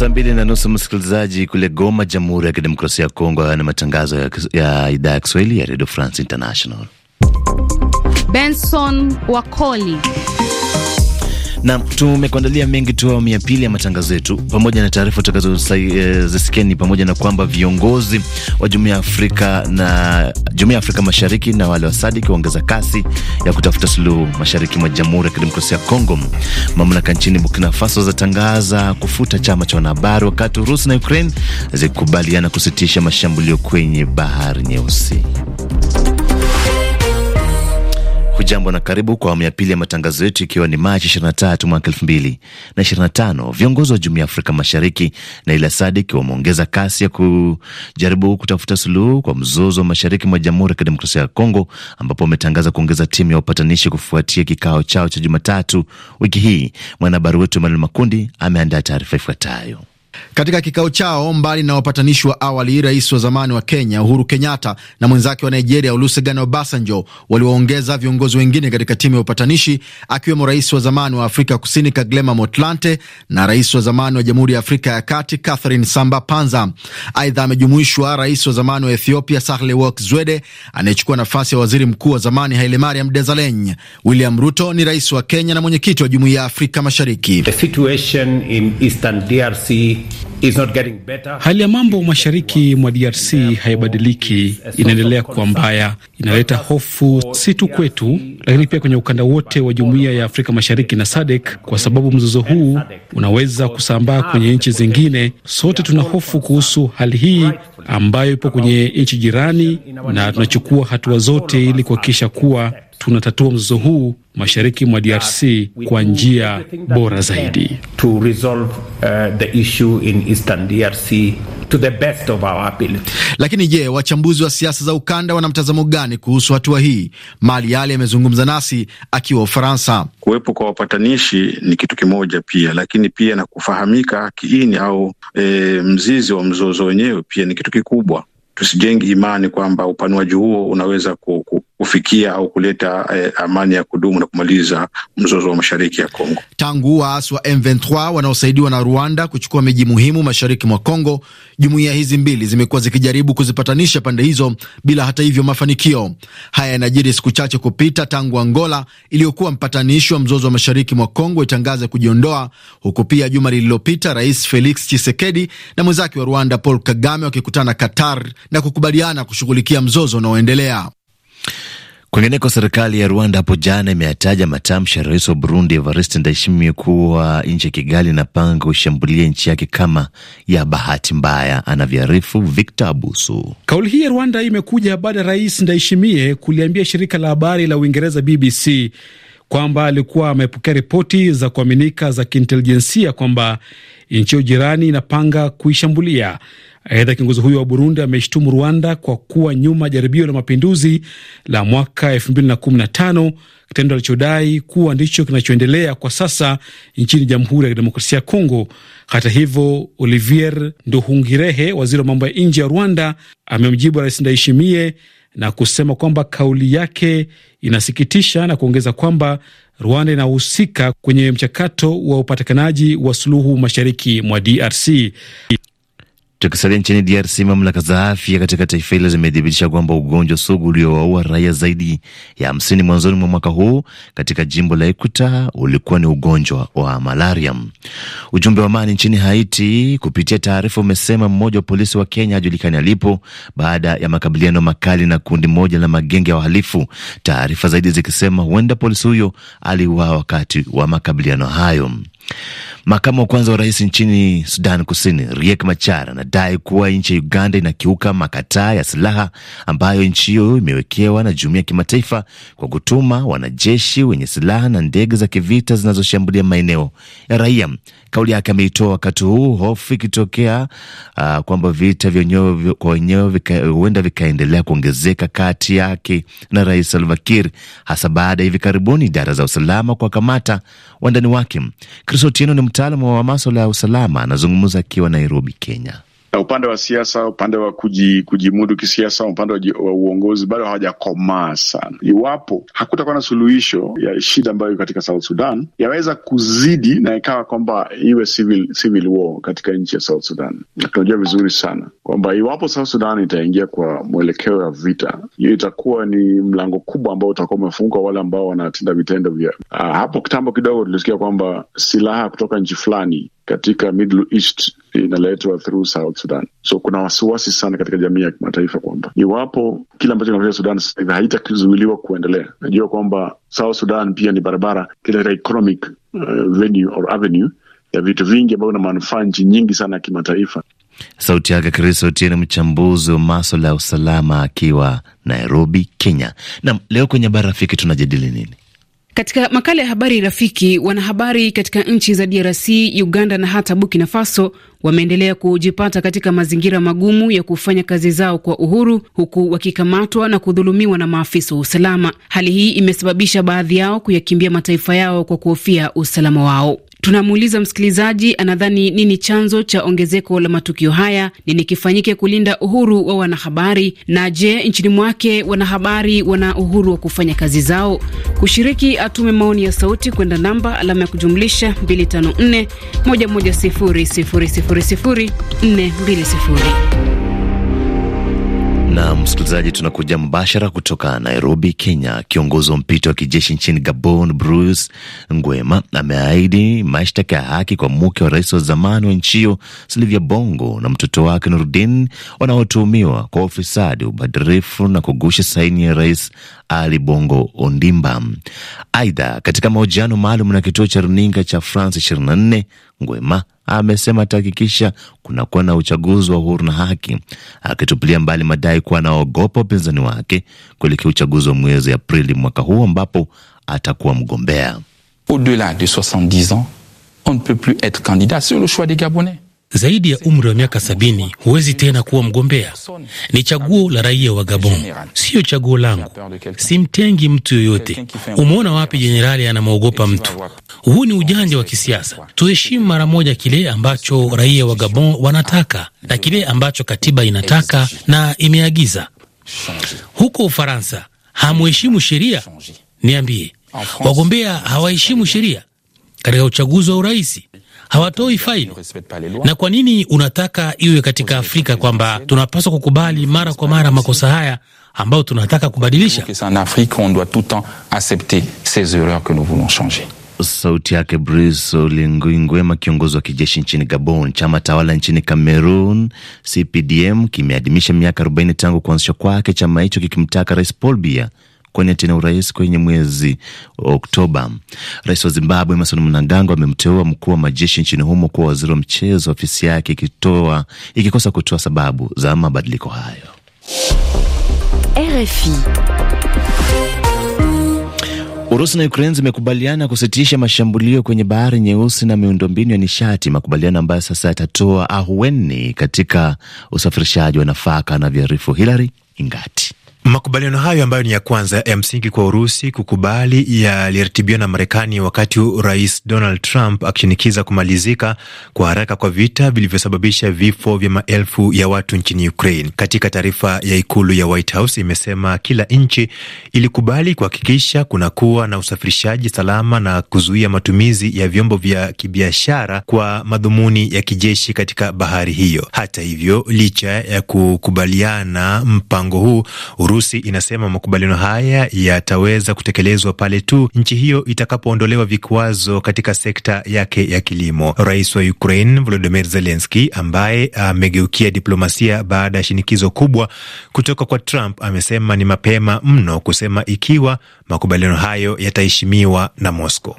Saa mbili na nusu msikilizaji kule Goma, Jamhuri ya Kidemokrasia ya Kongo. Haya ni matangazo ya, ya idhaa ya Kiswahili ya Radio France International. Benson Wakoli na tumekuandalia mengi tu awamu ya pili ya matangazo yetu, pamoja na taarifa utakazozisikia eh, ni pamoja na kwamba viongozi wa Jumuiya ya Afrika na Jumuiya ya Afrika Mashariki na wale wa SADC waongeza kasi ya kutafuta suluhu mashariki mwa Jamhuri ya Kidemokrasia ya Kongo. Mamlaka nchini Burkina Faso zatangaza kufuta chama cha wanahabari, wakati Urusi na Ukraine zikubaliana kusitisha mashambulio kwenye Bahari Nyeusi. Hujambo na karibu kwa awamu ya pili ya matangazo yetu, ikiwa ni Machi 23 mwaka 2025. Viongozi wa Jumuiya ya Afrika Mashariki na ile Sadiki wameongeza kasi ya kujaribu kutafuta suluhu kwa mzozo wa mashariki mwa Jamhuri ya Kidemokrasia ya Kongo, ambapo wametangaza kuongeza timu ya upatanishi kufuatia kikao chao cha Jumatatu wiki hii. Mwanahabari wetu Emanuel Makundi ameandaa taarifa ifuatayo. Katika kikao chao, mbali na wapatanishi wa awali, rais wa zamani wa Kenya Uhuru Kenyatta na mwenzake wa Nigeria Olusegun Obasanjo waliwaongeza viongozi wengine katika timu ya upatanishi, akiwemo rais wa zamani wa Afrika Kusini Kgalema Motlante na rais wa zamani wa Jamhuri ya Afrika ya Kati Catherine Samba Panza. Aidha, amejumuishwa rais wa zamani wa Ethiopia Sahle-Work Zwede anayechukua nafasi ya waziri mkuu wa zamani Hailemariam Desalegn. William Ruto ni rais wa Kenya na mwenyekiti wa Jumuiya ya Afrika Mashariki. The situation in Eastern DRC week. Hali ya mambo mashariki mwa DRC haibadiliki, inaendelea kuwa mbaya, inaleta hofu si tu kwetu, lakini pia kwenye ukanda wote wa Jumuiya ya Afrika Mashariki na SADC, kwa sababu mzozo huu unaweza kusambaa kwenye nchi zingine. Sote tuna hofu kuhusu hali hii ambayo ipo kwenye nchi jirani, na tunachukua hatua zote ili kuhakikisha kuwa tunatatua mzozo huu mashariki mwa DRC kwa njia bora zaidi. To resolve, uh, the issue in Eastern DRC to the best of our ability. Lakini je, wachambuzi wa siasa za ukanda wana mtazamo gani kuhusu hatua hii? Mali Yale amezungumza nasi akiwa Ufaransa. Kuwepo kwa wapatanishi ni kitu kimoja pia, lakini pia na kufahamika kiini au e, mzizi wa mzozo wenyewe pia ni kitu kikubwa. Tusijengi imani kwamba upanuaji huo unaweza ku kufikia au kuleta eh, amani ya kudumu na kumaliza mzozo wa mashariki ya Kongo. Tangu waasi wa M23 wanaosaidiwa na Rwanda kuchukua miji muhimu mashariki mwa Kongo, jumuiya hizi mbili zimekuwa zikijaribu kuzipatanisha pande hizo bila hata hivyo mafanikio. Haya yanajiri siku chache kupita tangu Angola iliyokuwa mpatanishi wa mzozo wa mashariki mwa Kongo itangaze kujiondoa, huku pia juma lililopita Rais Felix Tshisekedi na mwenzake wa Rwanda Paul Kagame wakikutana Qatar na kukubaliana kushughulikia mzozo unaoendelea. Kwingineko, serikali ya Rwanda hapo jana imeyataja matamshi ya rais wa Burundi Evariste Ndayishimiye kuwa nchi ya Kigali inapanga kushambulia nchi yake kama ya bahati mbaya, anavyoarifu Victor Abusu. Kauli hii ya Rwanda imekuja baada ya rais Ndayishimiye kuliambia shirika la habari la Uingereza BBC kwamba alikuwa amepokea ripoti za kuaminika za kiintelijensia kwamba nchi hiyo jirani inapanga kuishambulia. Aidha, kiongozi huyo wa Burundi ameshtumu Rwanda kwa kuwa nyuma jaribio la mapinduzi la mwaka 2015 kitendo alichodai kuwa ndicho kinachoendelea kwa sasa nchini Jamhuri ya Kidemokrasia ya Kongo. Hata hivyo, Olivier Nduhungirehe, waziri wa mambo ya nje ya Rwanda, amemjibu Rais Ndayishimiye na kusema kwamba kauli yake inasikitisha na kuongeza kwamba Rwanda inahusika kwenye mchakato wa upatikanaji wa suluhu mashariki mwa DRC. Tukisalia nchini DRC, mamlaka za afya katika taifa hilo zimethibitisha kwamba ugonjwa sugu uliowaua raia zaidi ya hamsini mwanzoni mwa mwaka huu katika jimbo la Ekuta ulikuwa ni ugonjwa wa malaria. Ujumbe wa amani nchini Haiti kupitia taarifa umesema mmoja wa polisi wa Kenya hajulikani alipo baada ya makabiliano makali na kundi moja la magenge ya wa wahalifu, taarifa zaidi zikisema huenda polisi huyo aliuawa wakati wa makabiliano hayo. Makamu wa kwanza wa rais nchini Sudan Kusini, Riek Machar, anadai kuwa nchi ya Uganda inakiuka makataa ya silaha ambayo nchi hiyo imewekewa na jumuiya ya kimataifa kwa kutuma wanajeshi wenye silaha na ndege za kivita zinazoshambulia maeneo ya raia. Kauli yake ameitoa wakati huu hofu ikitokea uh, kwamba vita kwa wenyewe huenda vika, vikaendelea kuongezeka kati yake na rais Salva Kiir, hasa baada ya hivi karibuni idara za usalama kuwakamata wandani wake. ni mtaalamu wa maswala ya usalama, anazungumza akiwa Nairobi, Kenya na upande wa siasa, upande wa kujimudu kisiasa, upande wa uongozi bado hawajakomaa sana. Iwapo hakutakuwa na suluhisho ya shida ambayo katika South Sudan, yaweza kuzidi na ikawa kwamba iwe civil, civil war katika nchi ya South Sudan. Tunajua vizuri sana kwamba iwapo South Sudan itaingia kwa mwelekeo ya vita, hiyo itakuwa ni mlango kubwa ambao utakuwa umefungwa wale ambao wanatenda vitendo vya ah, hapo. Kitambo kidogo tulisikia kwamba silaha kutoka nchi fulani katika Middle East inaletwa through South Sudan. So kuna wasiwasi sana katika jamii ya kimataifa kwamba iwapo kile ambacho kinatokea Sudan haitakizuiliwa kuendelea, najua kwamba South Sudan pia ni barabara kile economic uh, venue or avenue ya vitu vingi ambavyo na manufaa nchi nyingi sana ya kimataifa. Sauti yake Chris Otieno, mchambuzi wa maswala ya usalama akiwa Nairobi, Kenya. Nam, leo kwenye Bara Rafiki tunajadili nini? Katika makala ya habari rafiki, wanahabari katika nchi za DRC, Uganda na hata Burkina Faso wameendelea kujipata katika mazingira magumu ya kufanya kazi zao kwa uhuru, huku wakikamatwa na kudhulumiwa na maafisa wa usalama. Hali hii imesababisha baadhi yao kuyakimbia mataifa yao kwa kuhofia usalama wao. Tunamuuliza msikilizaji anadhani nini chanzo cha ongezeko la matukio haya, nini kifanyike kulinda uhuru wa wanahabari, na je, nchini mwake wanahabari wana uhuru wa kufanya kazi zao? Kushiriki atume maoni ya sauti kwenda namba alama ya kujumlisha 254 110 000 420. Na msikilizaji, tunakuja mbashara kutoka Nairobi, Kenya. Kiongozi wa mpito wa kijeshi nchini Gabon, Bruce Ngwema, ameahidi mashtaka ya haki kwa mke wa rais wa zamani wa nchi hiyo Silivia Bongo na mtoto wake Nurdin, wanaotuhumiwa kwa ufisadi, ubadhirifu na kugusha saini ya rais Ali Bongo Ondimba. Aidha, katika mahojiano maalum na kituo cha runinga cha France 24 Ngwema amesema atahakikisha kunakuwa na uchaguzi wa uhuru na haki, akitupilia mbali madai kuwa anaogopa upinzani wake kuelekea uchaguzi wa mwezi Aprili mwaka huu ambapo atakuwa mgombea. Au-delà de 70 ans on ne peut plus candidat sur le choix des Gabonais zaidi ya umri wa miaka sabini, huwezi tena kuwa mgombea. Ni chaguo la raia wa Gabon, siyo chaguo langu. Simtengi mtu yoyote. Umeona wapi jenerali anamwogopa mtu? Huu ni ujanja wa kisiasa. Tuheshimu mara moja kile ambacho raia wa Gabon wanataka na kile ambacho katiba inataka na imeagiza. Huko Ufaransa hamuheshimu sheria? Niambie, wagombea hawaheshimu sheria katika uchaguzi wa urais? hawatoi faili. Na kwa nini unataka iwe katika Afrika kwamba tunapaswa kukubali mara kwa mara makosa haya ambayo tunataka kubadilisha? Sauti yake Brice Oligui Nguema, kiongozi wa kijeshi nchini Gabon. Chama tawala nchini Cameroon, CPDM, kimeadhimisha miaka 40 tangu kuanzishwa kwake, chama hicho kikimtaka Rais Paul Biya kuwania tena urais kwenye mwezi Oktoba. Rais wa Zimbabwe Emmerson Mnangagwa amemteua mkuu wa majeshi nchini humo kuwa waziri wa mchezo, ofisi yake ikitoa ikikosa kutoa sababu za mabadiliko hayo. RFI. Urusi na Ukraine zimekubaliana kusitisha mashambulio kwenye bahari nyeusi na miundombinu ya nishati, makubaliano ambayo sasa yatatoa ahueni katika usafirishaji wa nafaka, viarifu. Hilary Ingat. Makubaliano hayo ambayo ni ya kwanza ya msingi kwa Urusi kukubali yaliratibiwa na Marekani wakati Rais Donald Trump akishinikiza kumalizika kwa haraka kwa vita vilivyosababisha vifo vya maelfu ya watu nchini Ukraine. Katika taarifa ya ikulu ya White House imesema kila nchi ilikubali kuhakikisha kunakuwa na usafirishaji salama na kuzuia matumizi ya vyombo vya kibiashara kwa madhumuni ya kijeshi katika bahari hiyo. Hata hivyo, licha ya kukubaliana mpango huu Urusi inasema makubaliano haya yataweza kutekelezwa pale tu nchi hiyo itakapoondolewa vikwazo katika sekta yake ya kilimo. Rais wa Ukraine Volodymyr Zelensky ambaye amegeukia diplomasia baada ya shinikizo kubwa kutoka kwa Trump amesema ni mapema mno kusema ikiwa makubaliano hayo yataheshimiwa na Moscow.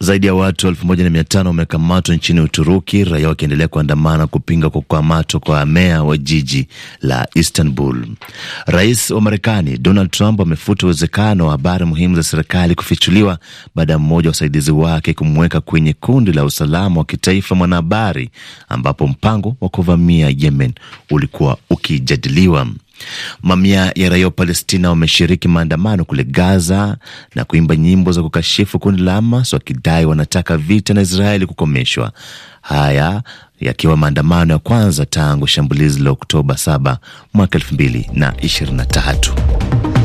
Zaidi ya watu elfu moja na mia tano wamekamatwa nchini Uturuki, raia wakiendelea kuandamana kupinga kukamatwa kwa meya wa jiji la Istanbul. Rais wa Marekani Donald Trump amefuta uwezekano wa habari muhimu za serikali kufichuliwa baada ya mmoja wa wasaidizi wake kumweka kwenye kundi la usalama wa kitaifa mwanahabari, ambapo mpango wa kuvamia Yemen ulikuwa ukijadiliwa. Mamia ya raia wa Palestina wameshiriki maandamano kule Gaza na kuimba nyimbo za kukashifu kundi la Hamas wakidai wanataka vita na Israeli kukomeshwa. Haya yakiwa maandamano ya kwanza tangu shambulizi la Oktoba 7 mwaka 2023.